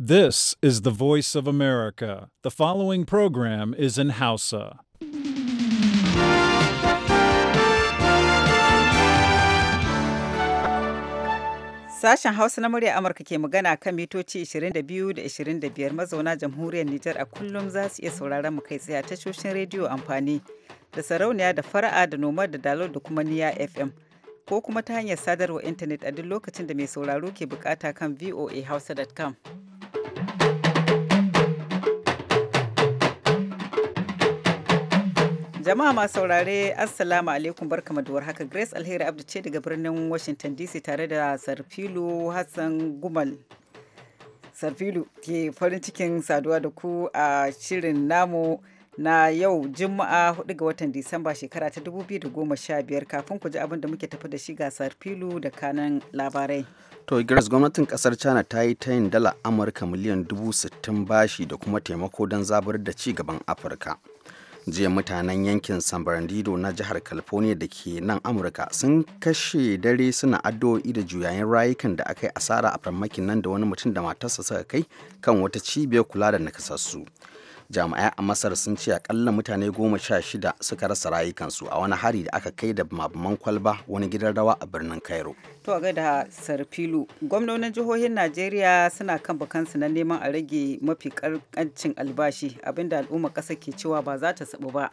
This is the voice of America. The following program is in Hausa. Sashen Hausa na murya Amurka ke magana kan mitoci 22 da 25 mazauna jamhuriyar Nijar a kullum za su iya sauraron mu kai tsaye a tashoshin rediyo amfani da sarauniya da fara'a da noma da dalo da kuma niya FM. ko kuma ta hanyar sadarwa intanet a duk lokacin da mai sauraro ke bukata kan voahausa.com. Jama'a masu saurare Assalamu alaikum barkamu da haka Grace Alheri Abdu ce daga birnin Washington DC tare da Sarfilu Hassan Gumal. Sarfilu ke farin cikin saduwa da ku a shirin namu na yau Juma'a 4 ga watan Disamba shekara ta 2015 kafin ku ji abin da muke tafi da shi gasar filu da kanan labarai. To Igras gwamnatin kasar China ta yi tayin dala Amurka miliyan 60 bashi da kuma taimako don zabar da ci gaban Afirka. jiya mutanen yankin san Bernardino na jihar california da ke nan amurka sun kashe dare suna addu'o'i da juyayen rayukan da aka yi asara a farmakin nan da wani mutum da matarsa suka kai kan wata cibiyar kula da nakasassu jami'ai a masar sun ce akalla mutane goma sha shida suka rasa rayukansu a wani hari da aka kai da mabaman kwalba wani gidan rawa a birnin cairo to a gaida sarfilu gwamnonin jihohin najeriya suna kan bakansu na neman a rage mafi karkancin albashi abinda al'ummar ƙasa ke cewa ba za ta sabu ba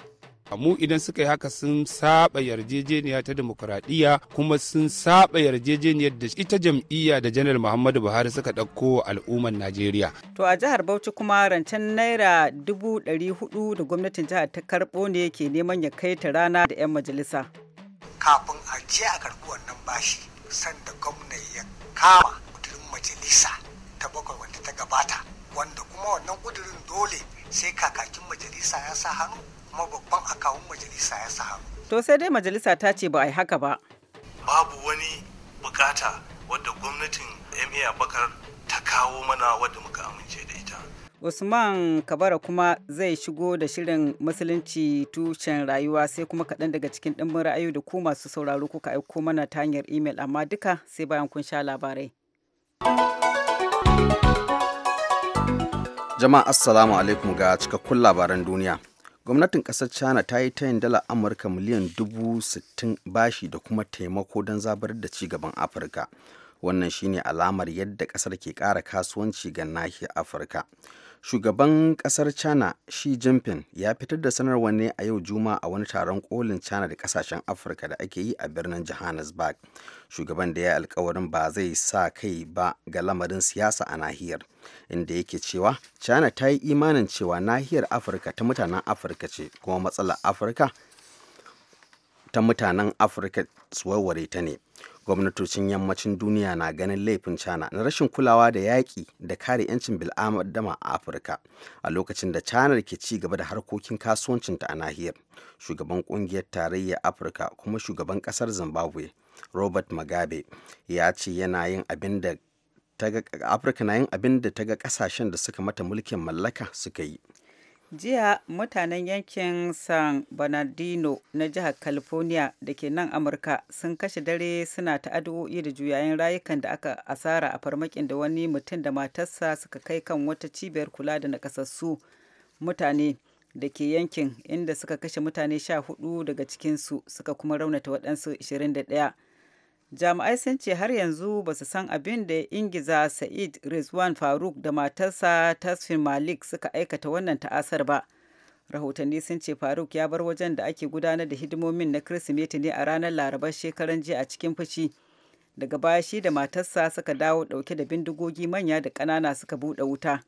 mu idan suka yi haka sun saba yarjejeniya ta demokuraɗiyya kuma sun saba yarjejeniyar da ita jam'iyya da janar muhammadu buhari suka ɗauko al'ummar najeriya to a jihar bauchi kuma rancen naira dubu ɗari hudu da gwamnatin jihar ta karɓo ne ke neman ya kai ta rana da 'yan majalisa kafin a je a karɓi wannan bashi sanda gwamna ya kama kudurin majalisa ta bakwai wanda ta gabata wanda kuma wannan kudurin dole sai kakakin majalisa ya sa hannu mababban a kawun majalisa ya sa to sai dai majalisa ta ce ba a yi haka ba babu wani bukata wadda gwamnatin ma bakar ta kawo mana wadda muka amince da ita Usman Kabara kuma zai shigo da shirin musulunci tushen rayuwa sai kuma kaɗan daga cikin ɗimbin ra'ayoyi da ku masu sauraro kuka aiko mana ta hanyar imel amma duka sai bayan kun sha labarai. Jama'a Assalamu alaikum ga cikakkun labaran duniya. gwamnatin ƙasar china ta yi tayin dala amurka miliyan dubu sittin bashi da kuma taimako don zabar da ci gaban afirka wannan shine alamar yadda ƙasar ke ƙara kasuwanci ga nahiyar afirka shugaban kasar china shi jinping ya fitar da sanarwar ne a yau juma a wani taron kolin china da kasashen afirka da ake yi a birnin johannesburg shugaban da ya yi alkawarin ba zai sa kai ba ga lamarin siyasa a nahiyar inda yake cewa china ta yi imanin cewa nahiyar afirka ta mutanen afirka ce kuma matsalar afirka ta mutanen afirka su warware ta ne gwamnatocin yammacin duniya na ganin laifin china na rashin kulawa da yaƙi da kare 'yancin bil'adama a afirka a lokacin da china ke ci gaba da harkokin kasuwancinta a nahiyar shugaban ƙungiyar tarayyar afirka kuma shugaban ƙasar zimbabwe robert mugabe ya ce yana yin abin da afirka na yin abin da ta ga kasashen da suka mata mulkin mallaka suka yi jiya mutanen yankin san bernardino na jihar california da ke nan amurka sun kashe dare suna ta'addu'o'i da juyayen rayukan da aka asara a farmakin da wani mutum da matarsa suka kai kan wata cibiyar kula da nakasassu mutane da ke yankin inda suka kashe mutane sha hudu daga cikinsu suka kuma raunata waɗansu 21 jami'ai sun ce har yanzu ba su san abin da ingiza sa'id rizwan faruk da matarsa tasfin malik suka aikata wannan ta'asar ba rahotanni sun ce faruk ya bar wajen da ake gudanar da hidimomin na kirsimeti ne a ranar larabar shekaran jiya a cikin fushi daga baya shi da matarsa suka dawo dauke da bindigogi manya da kanana suka buɗe wuta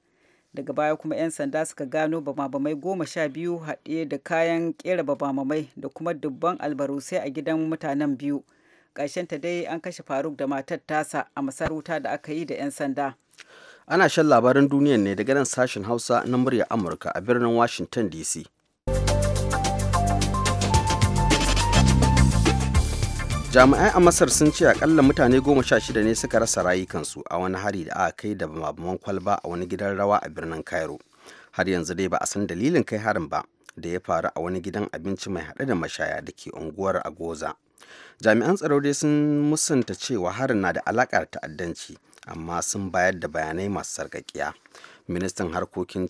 daga baya kuma 'yan sanda suka gano bamabamai goma sha biyu haɗe da kayan kera babamamai da kuma dubban albarusai a gidan mutanen biyu ta dai an kashe faruk da matar tasa a masarauta da aka yi da 'yan sanda ana shan labaran duniyan ne daga nan sashen hausa na murya amurka a birnin washington dc jami'ai a masar sun ce akalla mutane goma sha shida ne suka rasa rayukansu a wani hari da aka kai da mabaman kwalba a wani gidan rawa a birnin cairo har yanzu dai ba a san dalilin kai harin ba da ya faru a wani gidan abinci mai haɗe da mashaya da ke unguwar agoza jami'an tsaro dai sun musanta cewa harin na da alakar ta'addanci amma sun bayar da bayanai masu sarkakiya ministan harkokin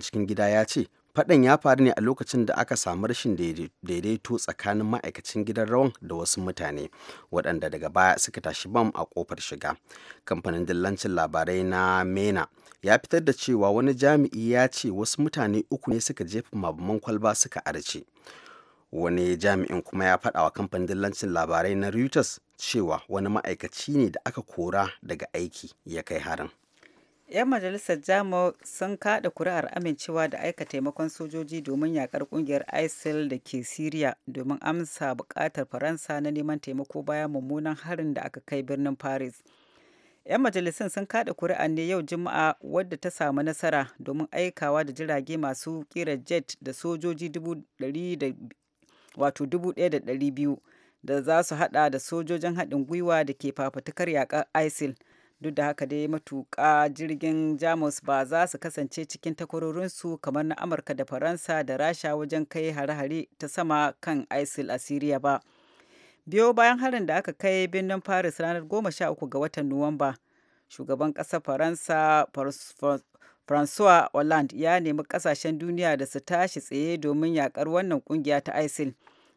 cikin gida ya ce faɗan ya faru ne a lokacin da aka samu rashin daidaito tsakanin ma'aikacin gidan rawan da wasu mutane waɗanda daga baya suka tashi bam a ƙofar shiga kamfanin dillancin labarai na mena ya fitar da cewa wani jami'i ya ce wasu mutane uku ne suka jefa mabaman kwalba suka arce wani jami'in kuma ya faɗa wa kamfanin dillancin labarai na reuters cewa wani ma'aikaci ne da aka kora daga aiki ya kai harin 'yan majalisar jamus sun kada kuri'ar amincewa da aika taimakon sojoji domin yakar kungiyar isil da ke syria domin amsa bukatar faransa na neman taimako bayan mummunan harin da aka kai birnin paris 'yan majalisun sun kada kuri'a ne yau juma'a wadda ta samu nasara domin aikawa da jirage masu kira jet da sojoji wato 1,200 da biyu za su hada da sojojin haɗin gwiwa da ke fafatukar yakar isil duk da haka dai matuƙa jirgin jamus ba za su kasance cikin takwarorinsu kamar na amurka da faransa da rasha wajen kai hare-hare ta sama kan isil a siriya ba biyo bayan harin da aka kai birnin paris ranar 13 ga watan nuwamba shugaban ƙasar faransa Francois Hollande ya nemi kasashen duniya da su tashi tsaye domin yakar wannan kungiya ta ISIL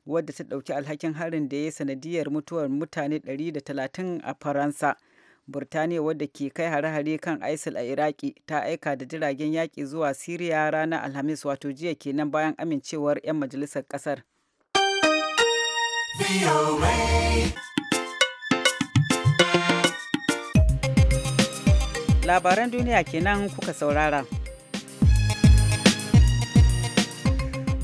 wadda ta ɗauki alhakin harin da ya yi sanadiyar mutuwar mutane 130 a Faransa. Burtaniya wadda ke kai hare-hare kan ISIL a Iraki ta aika da jiragen yaƙi zuwa Siriya ranar Alhamis wato jiya kenan bayan amincewar 'yan majalisar ƙasar. labaran duniya kenan kuka saurara.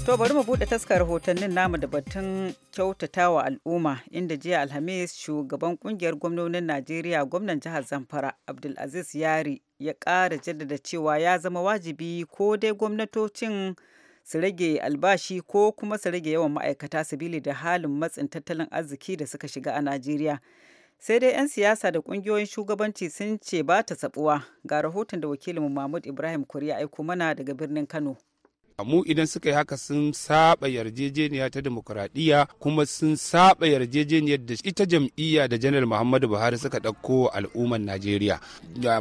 To bari mu buɗe taskar rahotannin namu da batun kyautatawa al'umma inda jiya Alhamis shugaban kungiyar gwamnonin Najeriya gwamnan jihar Zamfara Abdulaziz Yari ya ƙara jaddada cewa ya zama wajibi ko dai gwamnatocin su rage albashi ko kuma su rage yawan ma'aikata sabili da halin matsin tattalin arziki da suka shiga a Najeriya. sai dai 'yan siyasa da kungiyoyin shugabanci sun ce ba ta sabuwa ga rahoton da wakilin mahmud ibrahim kuri aiko mana daga birnin kano mu idan suka yi haka sun saba yarjejeniya ta demokuraɗiyya kuma sun saba yarjejeniyar da ita jam'iyya da janar muhammadu buhari suka ɗauko al'ummar najeriya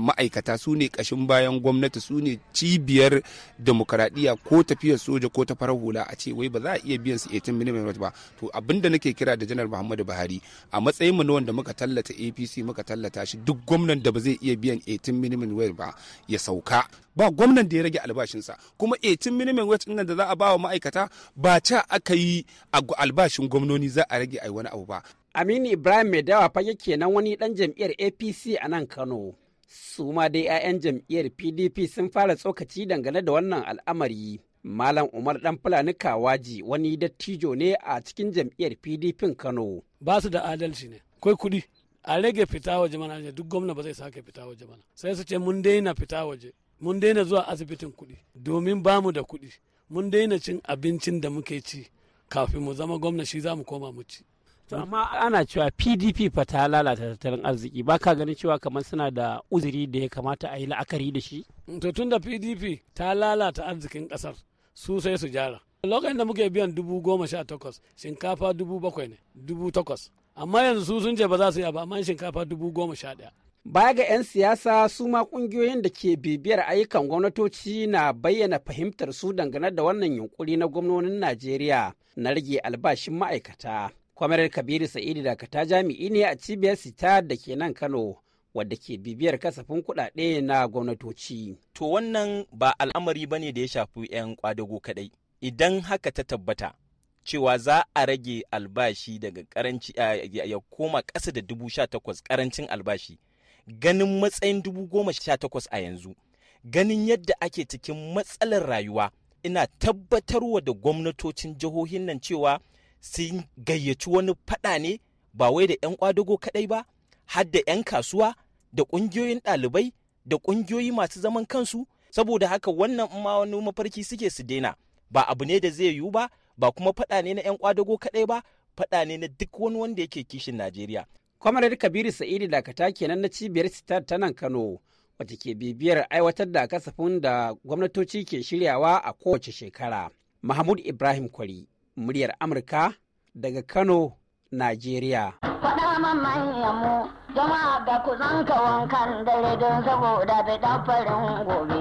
ma'aikata su ne ƙashin bayan gwamnati su ne cibiyar demokuraɗiyya ko tafiyar soja ko ta farar hula a ce wai ba za a iya biyan su 18 mm ba to abin da nake kira da janar muhammadu buhari a matsayin mu na wanda muka tallata apc muka tallata shi duk gwamnan da ba zai iya biyan 18 mm ba ya sauka ba gwamnan da ya rage albashinsa kuma 18 minimum wage nan da za a ba wa ma'aikata ba ca aka yi a albashin gwamnoni za a rage a wani abu ba aminu ibrahim mai dawa fage kenan nan wani dan jam'iyyar apc a nan kano su ma dai 'ya'yan jam'iyyar pdp sun fara tsokaci dangane da wannan al'amari Malam Umar Dan Fulani Kawaji wani dattijo ne a cikin jam'iyyar PDP Kano. Ba su da adalci ne, kai kuɗi. A rage fita waje mana duk gwamna ba zai sake fita waje mana. Sai su ce mun daina fita waje. mun daina zuwa asibitin kuɗi domin ba mu da kuɗi mun daina cin abincin da muke ci kafin mu zama gwamna shi za mu koma mu ci amma ana cewa pdp fa ta lalata tattalin arziki ba ka ganin cewa kamar suna da uzuri da ya kamata a yi la'akari da shi to tun da pdp ta lalata arzikin kasar su sai su jara lokacin da muke biyan dubu goma sha takwas shinkafa dubu bakwai ne dubu takwas amma yanzu su sun ce ba za su yi ba amma shinkafa dubu goma sha ɗaya Baya ga 'yan siyasa su ma kungiyoyin da ke bibiyar ayyukan gwamnatoci na bayyana fahimtar su dangane da wannan yunkuri na gwamnonin Najeriya na rage albashin ma'aikata. Kwamarar Kabiru Sa'idu Dakata jami'i ne a cibiyar sita da ke nan Kano. wadda ke bibiyar kasafin kuɗaɗe na gwamnatoci. To wannan ba al'amari ba ne da ya shafi 'yan kwadago kaɗai. Idan haka ta tabbata cewa za a rage albashi daga karanci ya koma ƙasa da dubu sha takwas karancin albashi ganin matsayin dubu goma sha takwas a yanzu ganin yadda ake cikin matsalar rayuwa ina tabbatarwa da gwamnatocin jihohin nan cewa sun gayyaci wani fada ne ba wai da 'yan kwadago kadai ba har da 'yan kasuwa da ƙungiyoyin ɗalibai da ƙungiyoyi masu zaman kansu saboda haka wannan ma wani mafarki suke su daina ba abu ne da zai yiwu ba ba kuma faɗa ne na 'yan kwadago kaɗai ba faɗa ne na duk wani wanda yake kishin najeriya kwamarar kabiru sa'idu dakata kenan na cibiyar sitar ta nan kano wacce ke bibiyar aiwatar da kasafin da gwamnatoci ke shiryawa a kowace shekara mahmud ibrahim kwari muryar amurka daga kano najeriya jama'a da ku zanka wankan dare don saboda bai farin gobe.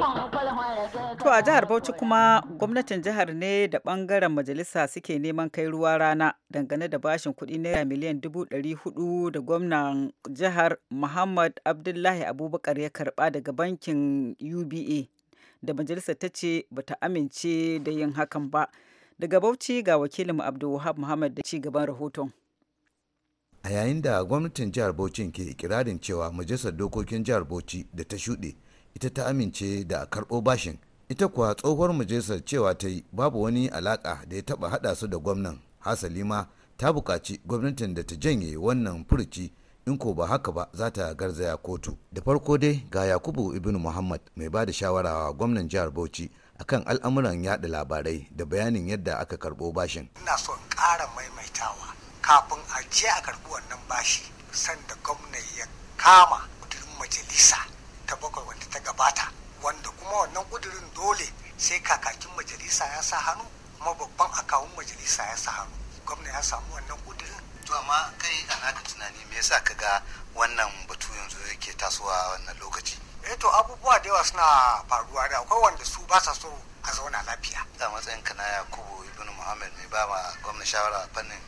To a jihar Bauchi kuma gwamnatin jihar ne da bangaren majalisa suke neman kai ruwa rana dangane da bashin kuɗi naira miliyan dubu ɗari hudu da gwamnan jihar Muhammad Abdullahi Abubakar ya karɓa daga bankin UBA da majalisa ta ce bata amince da yin hakan ba. Daga Bauchi ga wakilin Abdul Muhammad da ci gaban rahoton. a yayin da gwamnatin jihar bauchi ke ikirarin cewa majalisar dokokin jihar bauchi da ta shuɗe ita ta amince da a karɓo bashin ita kuwa tsohuwar majalisar cewa ta yi babu wani alaƙa da ya taɓa haɗa su da gwamnan hasali ma ta buƙaci gwamnatin da ta janye wannan furuci in ko ba haka ba za ta garzaya kotu da farko dai ga yakubu ibn muhammad mai ba da shawara wa gwamnan jihar bauchi akan al'amuran yaɗa labarai da bayanin yadda aka karɓo bashin ina son ƙara maimaitawa kafin a je a karɓi wannan bashi sanda gwamna ya kama kudurin majalisa ta bakwai wanda ta gabata wanda kuma wannan kudurin dole sai kakakin majalisa ya sa hannu kuma babban akawun majalisa ya sa hannu gwamna ya samu wannan kudurin to amma kai a naka tunani me yasa ka ga wannan batu yanzu yake tasowa a wannan lokaci eh to abubuwa da yawa suna faruwa da akwai wanda su ba sa so a zauna lafiya a matsayin kana yakubu ibnu muhammad mai ba ma gwamna shawara fannin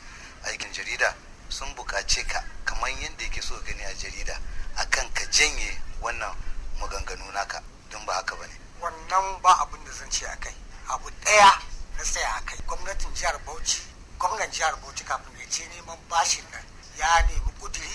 aikin jarida sun buƙace ka kamar yadda yake so gani a jarida akan ka janye wannan maganganu naka don ba haka bane wannan ba abin da zan ce a kai abu ɗaya na tsaya a kai gwamnatin jihar bauchi gwamnan jihar bauchi kafin ya ce neman bashin nan ya nemi kuduri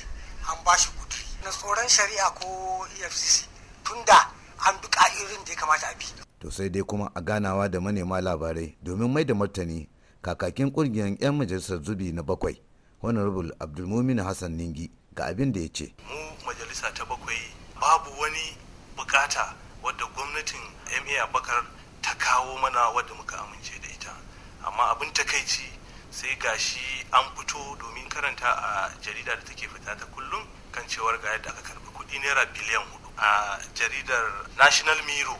an ba shi kuduri na tsoron shari'a ko efcc tun da an bi ka'irin da ya kamata a bi to sai dai kuma a ganawa da manema labarai domin mai da martani kakakin kungiyar 'yan majalisar zubi na bakwai honorable abdulmumin hassan ningi ga abin da ya ce mu majalisa ta bakwai babu wani bukata wadda gwamnatin ma bakar ta kawo mana wadda muka amince da ita amma abin takaici sai gashi an fito domin karanta a jarida da take fita ta kullum kan cewar ga yadda aka karbi kudi naira biliyan hudu a jaridar national miro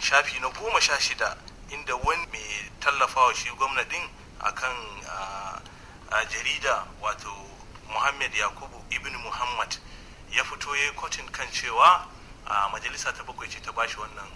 shafi na goma sha shida inda wani mai tallafawa shi gwamnatin kan jarida wato muhammad yakubu ibn muhammad ya fito ya kotun kan cewa a majalisa ta bakwai ce ta shi wannan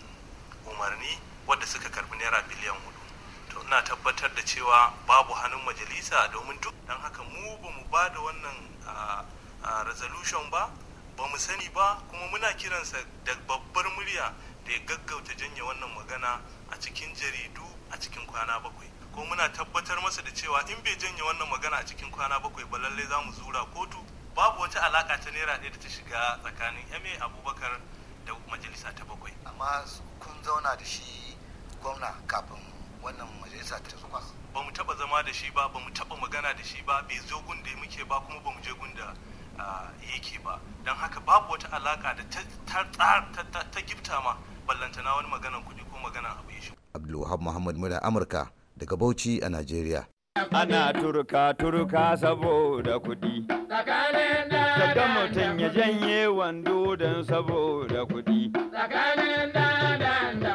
umarni wadda suka karbi naira biliyan hudu to ina tabbatar da cewa babu hannun majalisa domin duk don haka mu ba mu ba da wannan resolution ba ba mu sani ba kuma muna kiransa da babbar murya da ya gaggauta janye wannan magana a cikin jaridu a cikin kwana bakwai ko muna tabbatar masa da cewa in bai janye wannan magana a cikin kwana bakwai ba lallai za mu zura kotu babu wata alaka ta naira ɗaya da ta shiga tsakanin ma abubakar da majalisa ta bakwai amma kun zauna da shi gwamna kafin wannan majalisa ta zuwa ba mu taba zama da shi ba ba mu taba magana da shi ba bai zo gun da muke ba kuma ba mu je gun da ah, yake ba don haka babu wata alaka da ta gifta ma ballantana wani maganan kuɗi ko maganan abu shi. Abdulwahab Muhammad Mura Amurka daga Bauchi a Najeriya. Ana turka turka saboda kuɗi. Daga mutum ya janye wando don saboda kuɗi.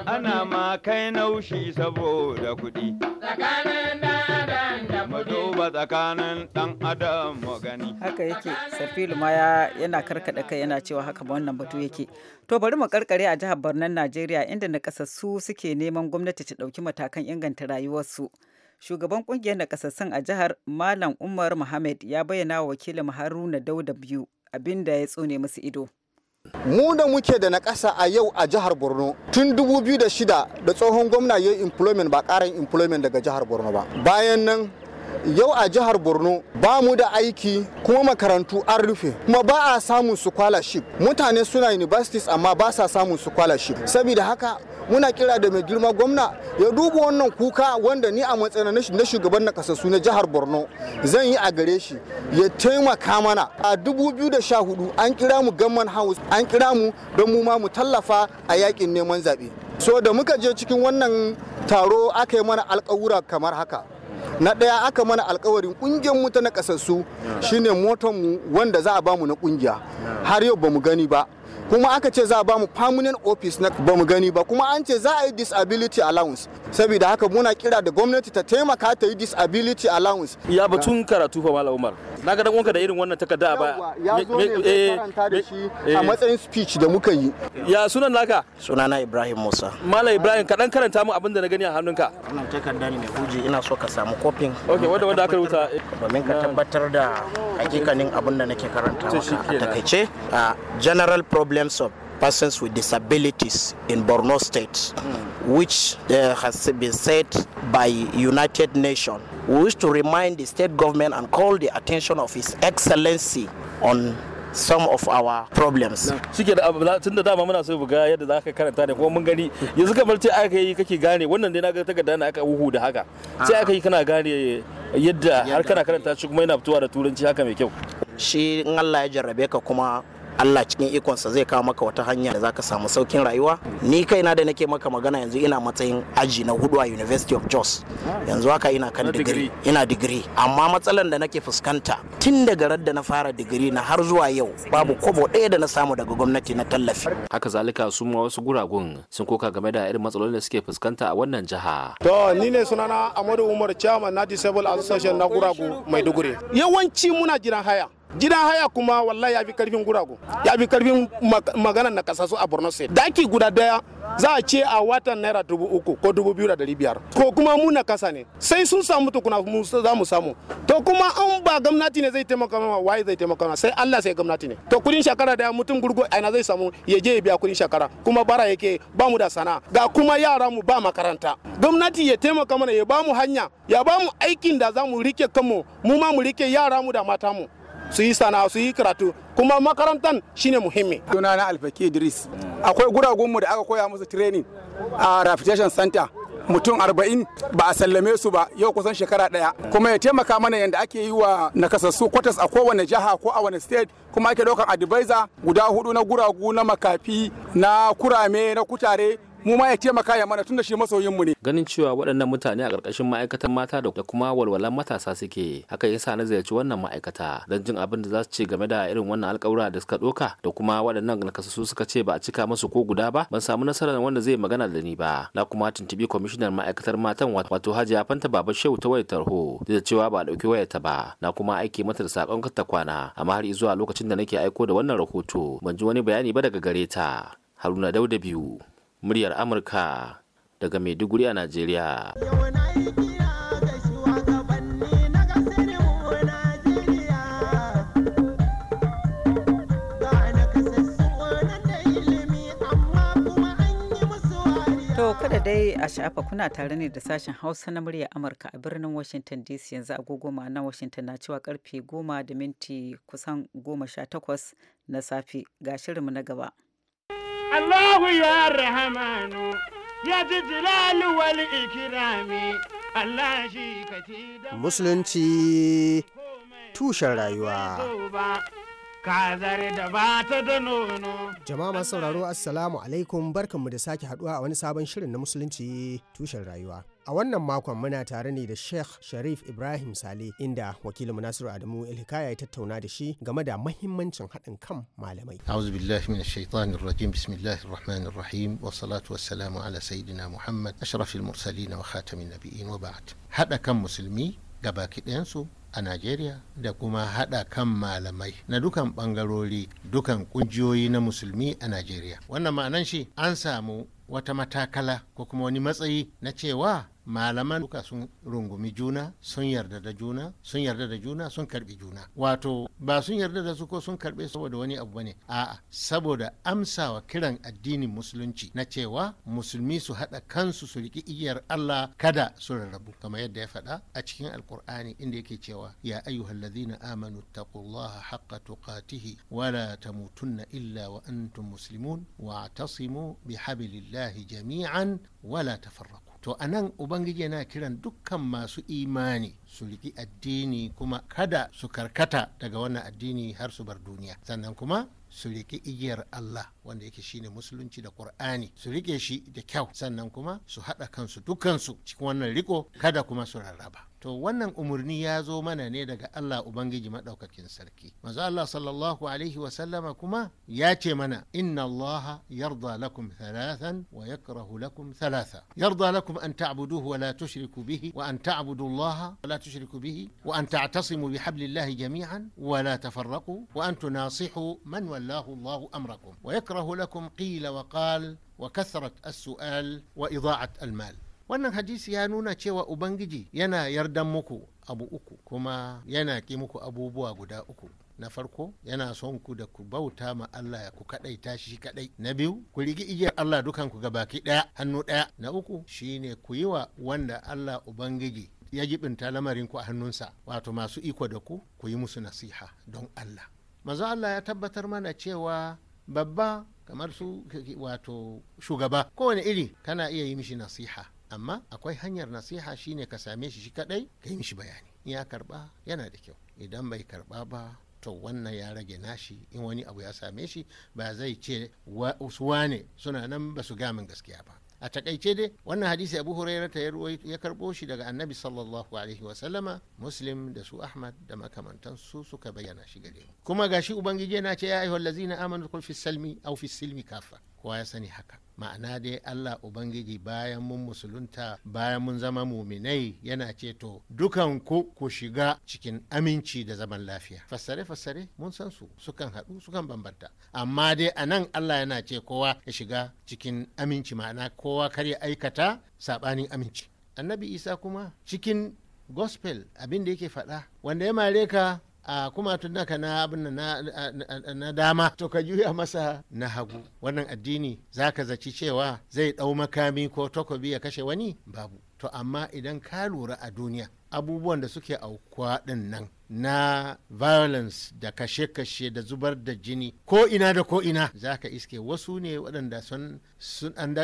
Ana ma kai naushi saboda kuɗi. tsakanin dan adam gani haka yake safilu ma yana karkada kai yana cewa haka ba wannan batu yake to bari mu karkare a jihar borno Najeriya inda nakasassu suke neman gwamnati ta dauki matakan inganta rayuwarsu shugaban kungiyar nakasassun a jihar Malam Umar Muhammad ya bayyana wa wakilin Haruna Dauda biyu abinda ya tsone musu ido mu da muke da na a yau a jihar borno tun 2006 da tsohon gwamna ya employment ba ƙarin employment daga jihar borno ba bayan nan yau a jihar borno ba mu da aiki kuma makarantu an rufe kuma ba a samun su scholarship mutane suna universities amma ba sa samun su scholarship saboda haka muna kira da mai girma gwamna ya duba wannan kuka wanda ni a matsayin na shugaban na kasassu na jihar borno zan yi a gare shi ya taimaka mana a 2014 an kira mu gamman house an kira mu don mu ma mu tallafa a yakin neman zaɓe so da muka je cikin wannan taro aka yi mana alkawura kamar haka na ɗaya aka mana alkawarin ƙungiyar mu ta na kasassu shine motar mu wanda za a bamu na ƙungiya har yau ba mu gani ba kuma aka ce za a bamu permanent office na bamu gani ba kuma an ce za a yi disability allowance saboda haka muna kira da gwamnati ta taimaka ta yi disability allowance ya batun karatu fa malam umar na ga wanka da irin wannan takarda a ya zo ne eh, karanta da shi a eh. matsayin speech da muka yi ya sunan naka sunana ibrahim musa malam ibrahim ka dan karanta mu abin da na gani a hannunka wannan takarda ne huji ina so ka samu kofin okay wanda wanda aka rubuta domin ka tabbatar da hakikanin abin da nake karanta maka a takaice general problem problems of persons with disabilities in Borno State, mm. which uh, has been said by United Nations. We wish to remind the state government and call the attention of His Excellency on some of our problems. Shike da tun da dama muna so mu ga yadda zaka karanta ne kuma mun gani yanzu kamar ce aka yi kake gane wannan dai naga takarda na aka uhu da haka sai aka yi kana gane yadda har kana karanta shi kuma yana fitowa da turanci haka mai kyau. Shi in Allah ya jarrabe ka kuma Allah cikin ikonsa zai kawo maka wata hanya da zaka samu saukin rayuwa ni kaina da nake maka magana yanzu ina matsayin aji na hudu a University of Jos yanzu haka ina kan digiri ina digiri amma matsalan da nake fuskanta tun daga da na fara digiri na har zuwa yau babu kobo ɗaya da na samu daga gwamnati na tallafi haka zalika su ma wasu guragun sun koka game da irin matsalolin da suke fuskanta a wannan jiha to ni ne sunana Amadu Umar Chairman na Disabled Association na guragu Maiduguri yawanci muna jiran haya gidan haya kuma wallahi ya fi karfin guragu ya fi karfin maganar na kasasu a borno state daki guda daya za a ce a watan naira dubu uku ko dubu biyu da dari biyar ko kuma mu na kasa ne sai sun samu tukuna mu za mu samu to kuma an ba gwamnati ne zai taimaka ma waye zai taimaka ma sai Allah sai gwamnati ne to kudin shakara daya mutum gurgo aina zai samu ya je ya biya kudin shakara kuma bara yake ba mu da sana'a ga kuma yara mu ba makaranta gwamnati ya taimaka mana ya ba mu hanya ya ba mu aikin da za mu rike kanmu mu ma mu rike yara mu da mata mu su yi sana'a su yi karatu kuma makarantar shine muhimmi suna na alfaki idris akwai guragunmu da aka koya musu training a rafitation center mutum arba'in ba a sallame su ba yau kusan shekara daya kuma ya taimaka mana yadda ake yi wa nakasassu kwatas a kowane jiha ko a wani state kuma ake daukan advisor guda hudu na guragu na makafi na kurame na kutare mu ma ya taimaka ya mana tunda shi masoyin mu ne ganin cewa waɗannan mutane a ƙarƙashin ma'aikatan mata da kuma walwalan matasa suke haka yasa na ziyarci wannan ma'aikata don jin abin da za su ce game da irin wannan alƙawura da suka ɗoka da kuma waɗannan nakasassu suka ce ba a cika masu ko guda ba ban samu nasarar wanda zai magana da ni ba na kuma tuntubi kwamishinan ma'aikatar matan wato hajiya fanta baba shehu ta wayar tarho da cewa ba a ɗauki wayar ta ba na kuma aiki mata da saƙon ta kwana amma har zuwa lokacin da nake aiko da wannan rahoto ban ji wani bayani ba daga gare ta haruna dauda biyu muryar amurka daga maiduguri a najeriya kada dai a sha'afa kuna tare ne da sashen hausa na murya amurka a birnin washington dc yanzu agogo na washington na cewa karfe goma da minti kusan goma sha takwas na safe ga shirinmu na gaba الله يا رحمن ya ji jilalu wal ikirami Allah shi ka Musulunci tushen rayuwa. kazar Jama'a masu sauraro Assalamu alaikum barkanmu da sake haduwa a wani sabon shirin na musulunci tushen rayuwa. A wannan makon muna tare ne da Sheikh Sharif Ibrahim Sale inda wakilin Nasiru Adamu Ilhikaya ya tattauna da shi game da mahimmancin haɗin kan malamai. A'udhu billahi minash shaitanir rajim. Bismillahir rahmanir rahim. Wa salatu wassalamu ala sayyidina Muhammad ashrafil mursalin wa khatamin nabiyyin wa ba'd. Haɗa kan musulmi gabaki ɗayansu a Najeriya da kuma haɗa kan malamai na dukan ɓangarori dukan ƙungiyoyi na musulmi a Najeriya. Wannan ma'anan shi an samu wata matakala ko kuma wani matsayi na cewa malaman duka sun rungumi juna sun yarda da juna sun yarda da juna sun karbi juna wato ba sun yarda da su ko sun karbe saboda wani abu ne. a'a saboda amsawa kiran addinin musulunci na cewa musulmi su hada kansu su riki igiyar Allah kada su rarrabu kamar yadda ya faɗa a cikin alkur'ani inda yake cewa ya ayyuhallazina amanu taqullaha haqqa tuqatihi wala tamutunna illa wa antum muslimun wa bi bihablillah lillahi jami'an wala tafarraku to a anan ubangiji yana kiran dukkan masu imani su riƙi addini kuma kada su karkata daga wannan addini har su bar duniya sannan kuma su riƙi igiyar Allah wanda yake shine musulunci da Qur'ani su riƙe shi da kyau sannan kuma su haɗa kansu dukkansu cikin wannan riko kada kuma su rarraba to wannan umarni ya zo mana ne daga Allah ubangiji madaukakin sarki manzo Allah sallallahu alaihi wa sallama kuma ya ce mana inna Allah yarda lakum thalathan wa yakrahu lakum thalatha yarda lakum an ta'buduhu wa la tushriku bihi wa an ta'budu Allah wa la tushriku bihi wa an ta'tasimu bihabli الله جميعا ولا تفرقوا وان تناصحوا من ولاه الله امركم ويكره لكم قيل وقال وكثره السؤال واضاعه المال wannan hadisi ya nuna cewa ubangiji yana yardan muku abu uku kuma yana ki muku abubuwa guda uku na farko yana son ku da ku bauta ma Allah ya ku kadai tashi shi kadai na biyu ku rigi igiyar Allah dukan ku gabaki daya hannu daya na uku shine ku yi wa wanda Allah ubangiji ya jibinta lamarin ku a hannunsa wato masu iko da ku ku yi musu nasiha don Allah manzo Allah ya tabbatar mana cewa babba kamar su wato shugaba kowane iri kana iya yi mishi nasiha amma akwai hanyar nasiha shine ka same shi shi kadai ka yi mishi bayani ya karba yana da kyau idan bai karba ba to wannan ya rage nashi in wani abu ya same shi ba zai ce wa ne suna nan ba su gamin gaskiya ba a takaice dai wannan hadisi abu huraira ta ya karbo shi daga annabi sallallahu alaihi wa sallama muslim da su ahmad da makamantan su suka bayyana shi gare mu kuma gashi ubangiji yana ce ya ayyuhallazina amanu kun fi salmi aw fi silmi kafa kowa ya sani haka ma'ana dai Allah Ubangiji bayan mun musulunta bayan mun zama muminai yana ce to dukan ku ku shiga cikin aminci da zaman lafiya fassare fassare mun san su sukan haɗu sukan bambanta amma dai a nan Allah yana ce kowa ya shiga cikin aminci ma'ana kowa kar ya aikata saɓanin aminci annabi isa kuma cikin gospel abin da yake faɗa wanda ya mare ka a tun naka na abin na dama to ka juya masa na hagu wannan addini za ka zaci cewa zai ɗau makami ko takobi ya kashe wani babu to amma idan ka lura a duniya abubuwan da suke aukuwa ɗin nan na violence da kashe-kashe da zubar da jini ko ina da ko ina za ka iske wasu ne waɗanda sun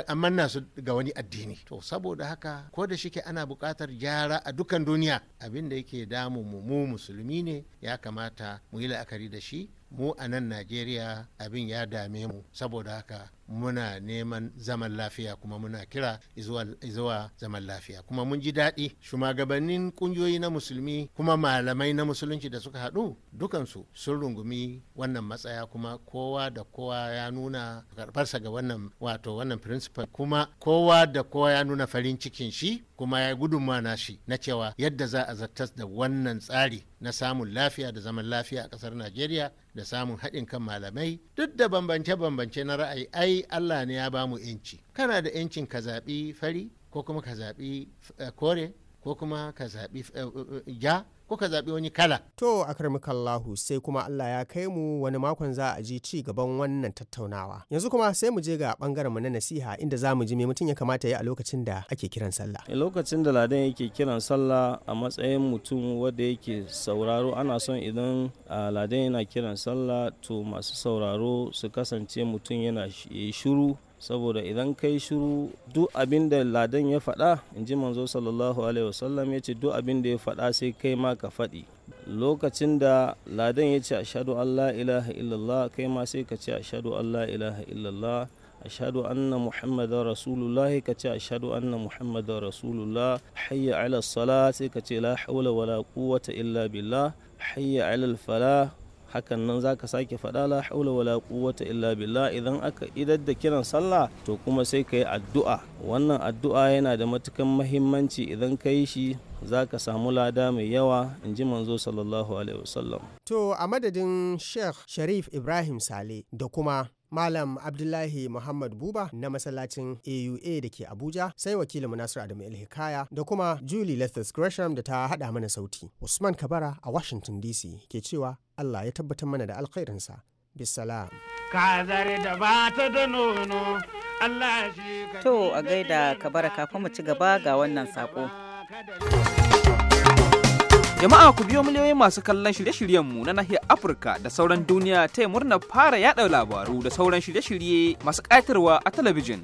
amanna su ga wani addini to saboda haka ko da shike ana buƙatar gyara a dukan duniya abin da yake damu mu musulmi ne ya kamata mu yi la'akari da shi mu a nan najeriya abin ya dame mu saboda haka muna neman zaman lafiya kuma muna kira zuwa zaman lafiya kuma mun ji daɗi shugabannin ƙungiyoyi na musulmi kuma malamai na musulunci da suka haɗu dukansu sun rungumi wannan matsaya kuma kowa da kowa ya nuna karfarsa ga wannan wato wannan principal kuma kowa da kowa ya nuna farin cikin shi kuma ya gudunma na shi na cewa yadda za a zartas da wannan tsari na samun lafiya da zaman lafiya a ƙasar najeriya da samun haɗin kan malamai duk da bambance-bambance na ra'ayi ai Allah ne ya bamu yanci kana da yancin ka zaɓi fari ko kuma ka zaɓi eh, kore ko kuma ka zaɓi eh, eh, ja kuka zaɓi wani kala. To lahu sai kuma Allah ya kai mu wani makon za a ji ci gaban wannan tattaunawa. Yanzu kuma sai mu je ga bangaren mu na nasiha inda za mu ji me mutum ya kamata ya a lokacin da ake kiran sallah. Eh, lokacin da ladan yake kiran sallah a matsayin mutum wanda yake sauraro ana son idan ladan yana kiran sallah to masu sauraro su kasance mutum yana shiru saboda idan kai shiru duk abin da ladan ya faɗa in ji manzo sallallahu alaihi wasallam ya ce duk abin da ya faɗa sai kai ma ka faɗi lokacin da ladan ya ce ashadu allah ilaha illallah kai ma sai ka ce ashadu allah ilaha illallah ashadu anna muhammadan rasulullah ka ce ashadu anna muhammadan rasulullah hayya ala sala sai ka ce la hawla wala quwwata illa billah hayya ala falah hakan nan za ka sake faɗa la haula wala quwwata illa billah idan aka idar da kiran sallah to kuma sai ka addu'a wannan addu'a yana da matukan mahimmanci idan ka yi shi za ka samu lada mai yawa in ji manzo sallallahu alaihi wasallam to a madadin sheikh sharif ibrahim sale da kuma Malam Abdullahi Muhammad Buba na masallacin AUA da ke Abuja sai wakilinmu Nasiru Adamu Hikaya da kuma Julie Lethis Gresham da ta haɗa mana sauti. Usman Kabara a Washington DC ke cewa Allah ya tabbatar mana da alkhairinsa. Bisalam. To a gaida Kabara kafin mu ci gaba ga wannan sako. Jama'a ku biyo miliyoyin masu kallon shirye-shiryenmu na nahiyar Afirka da sauran duniya ta murna fara yada labaru da sauran shirye-shirye masu ƙayatarwa a talabijin.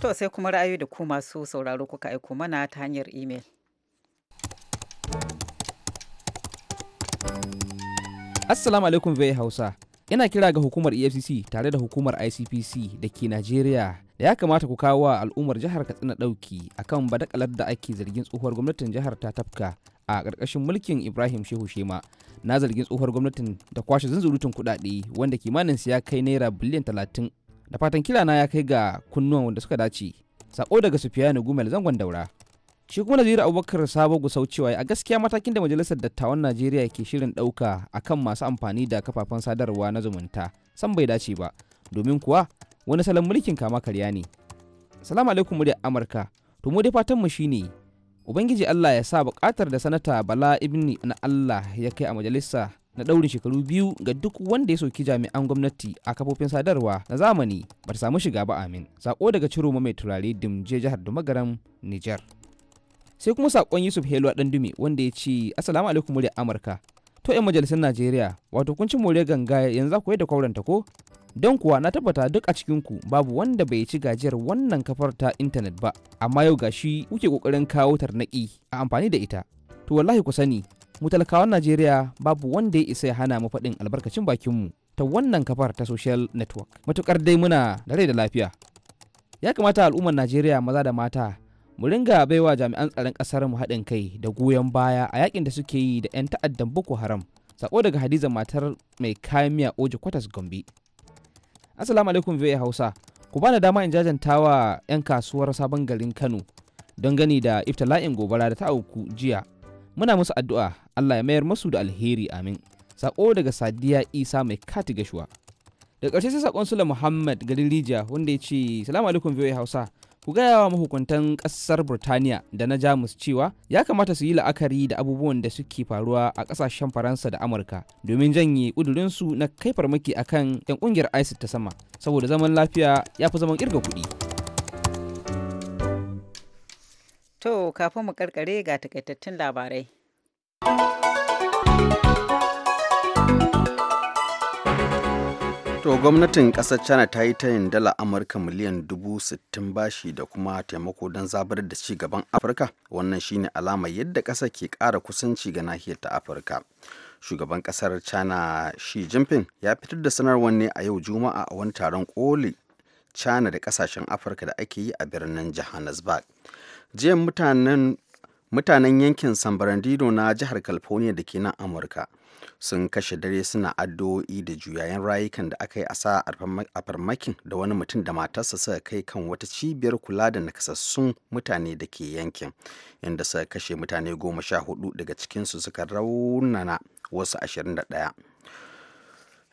To sai kuma ra'ayi da ku masu sauraro kuka aiko mana ta hanyar imel. Assalamu alaikum bai Hausa. Ina kira ga hukumar EFCC tare da hukumar ICPC da ke Najeriya ya kamata ku kawo wa al'ummar jihar Katsina ɗauki akan badakalar da ake zargin tsohuwar gwamnatin jihar ta tafka a ƙarƙashin mulkin Ibrahim Shehu Shema. Na zargin tsohuwar gwamnatin da kwashe zunzurutun kuɗaɗe wanda kimanin ya kai naira biliyan talatin da fatan kila na ya kai ga kunnuwan wanda suka dace sako daga sufiyanu gumel zangon daura shi kuma naziru abubakar sabo gusau cewa a gaskiya matakin da majalisar dattawan najeriya ke shirin ɗauka akan masu amfani da kafafen sadarwa na zumunta san bai dace ba domin kuwa wani salon mulkin kama karya ne salamu alaikum muryar amurka to mu dai fatan mu shine ubangiji allah ya sa bukatar da sanata bala ibni na allah ya kai a majalisa na ɗaurin shekaru biyu ga duk wanda ya soki jami'an gwamnati a kafofin sadarwa na zamani ba samu shiga ba amin sako daga ciroma mai turare dimje jihar dumagaram niger sai kuma sakon yusuf helo dan dandume wanda ya ce assalamu alaikum muryar amurka to yan majalisar najeriya wato kun ci more ganga yanzu ku da ta, ko don kuwa na tabbata duk a cikinku babu wanda bai ci gajiyar wannan kafar ta intanet ba amma yau gashi kuke kokarin kawo tarnaki a amfani da ita to wallahi ku sani mu talakawan najeriya babu wanda ya isa ya hana mu faɗin albarkacin bakinmu ta wannan kafar ta social network matukar dai muna da rai da lafiya ya kamata al'ummar najeriya maza da mata mu ringa baiwa jami'an tsaron kasar mu haɗin kai da goyon baya a yakin da suke yi da 'yan ta'addan boko haram sako daga hadiza matar mai kayan miya oji kwatas gombe assalamu alaikum hausa ku bani dama in jajanta wa 'yan kasuwar sabon garin kano don gani da iftala'in gobara da ta auku jiya muna musu addu'a Allah ya mayar masu da alheri amin sako daga sadiya isa mai kati gashuwa da ƙarshe sai sakon sula muhammad rijiya wanda ya ce salamu alaikum voa hausa ku gaya wa mahukuntan ƙasar burtaniya da na jamus cewa ya kamata su yi la'akari da abubuwan da suke faruwa a ƙasashen faransa da amurka domin janye ƙudurinsu na kai farmaki akan 'yan ƙungiyar isis ta sama saboda zaman lafiya ya fi zaman ƙirga kuɗi to kafin mu karkare ga takaitattun labarai To gwamnatin ƙasar China ta yi tayin dala Amurka miliyan dubu sittin bashi da kuma taimako don zabar da ci gaban Afirka wannan shine alamar yadda ƙasar ke ƙara kusanci ga nahiyar ta Afirka. Shugaban ƙasar China Xi Jinping ya fitar da sanarwar ne a yau Juma'a a wani taron koli China da ƙasashen Afirka da ake yi a birnin Johannesburg. Jiya mutanen mutanen yankin san Barandino na jihar California da ke nan Amurka sun kashe dare suna addu'o'i da juyayen rayukan da aka yi a sa a farmakin da wani mutum da matarsa suka kai kan wata cibiyar kula da nakasassun mutane da ke yankin inda suka kashe mutane goma sha hudu daga cikinsu suka raunana wasu ashirin da ɗaya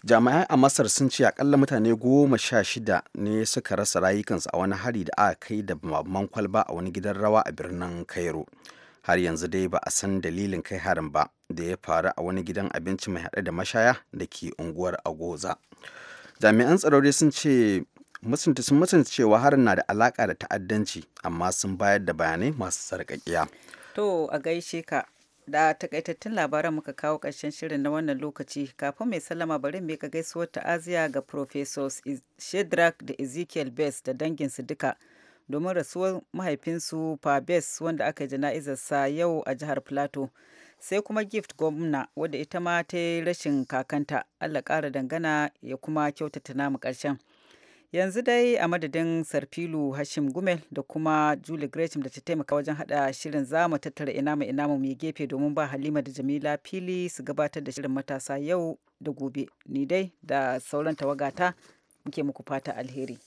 jami'ai a masar sun ce akalla mutane goma sha shida ne suka rasa rayukansu a wani hari da aka kai da mamman kwalba a wani gidan rawa a birnin cairo har yanzu dai ba a san dalilin kai harin ba da ya faru a wani gidan abinci mai haɗe da mashaya da ke unguwar agoza jami'an tsarori sun ce musunta sun mutunta cewa harin na da alaka da ta'addanci amma sun bayar da bayanai masu sarƙaƙiya to a gaishe ka da takaitattun labaran muka kawo ƙarshen shirin na wannan lokaci kafin mai sallama bari mai ka gaisuwar ta'aziya ga professors shedrack da ezekiel best da danginsu duka domin rasuwar mahaifinsu Fabes wanda aka yi jana'izarsa yau a jihar Plateau. Sai kuma gift gwamna wadda ita ma ta yi rashin kakanta Allah ƙara dangana ya kuma kyautata namu ƙarshen. Yanzu dai a madadin Sarfilu Hashim Gumel da kuma Julie Gresham da ta taimaka wajen haɗa shirin za mu tattara ina mu ina mu gefe domin ba Halima da Jamila fili su gabatar da shirin matasa yau da gobe. Ni dai da sauran tawagata muke muku fata alheri.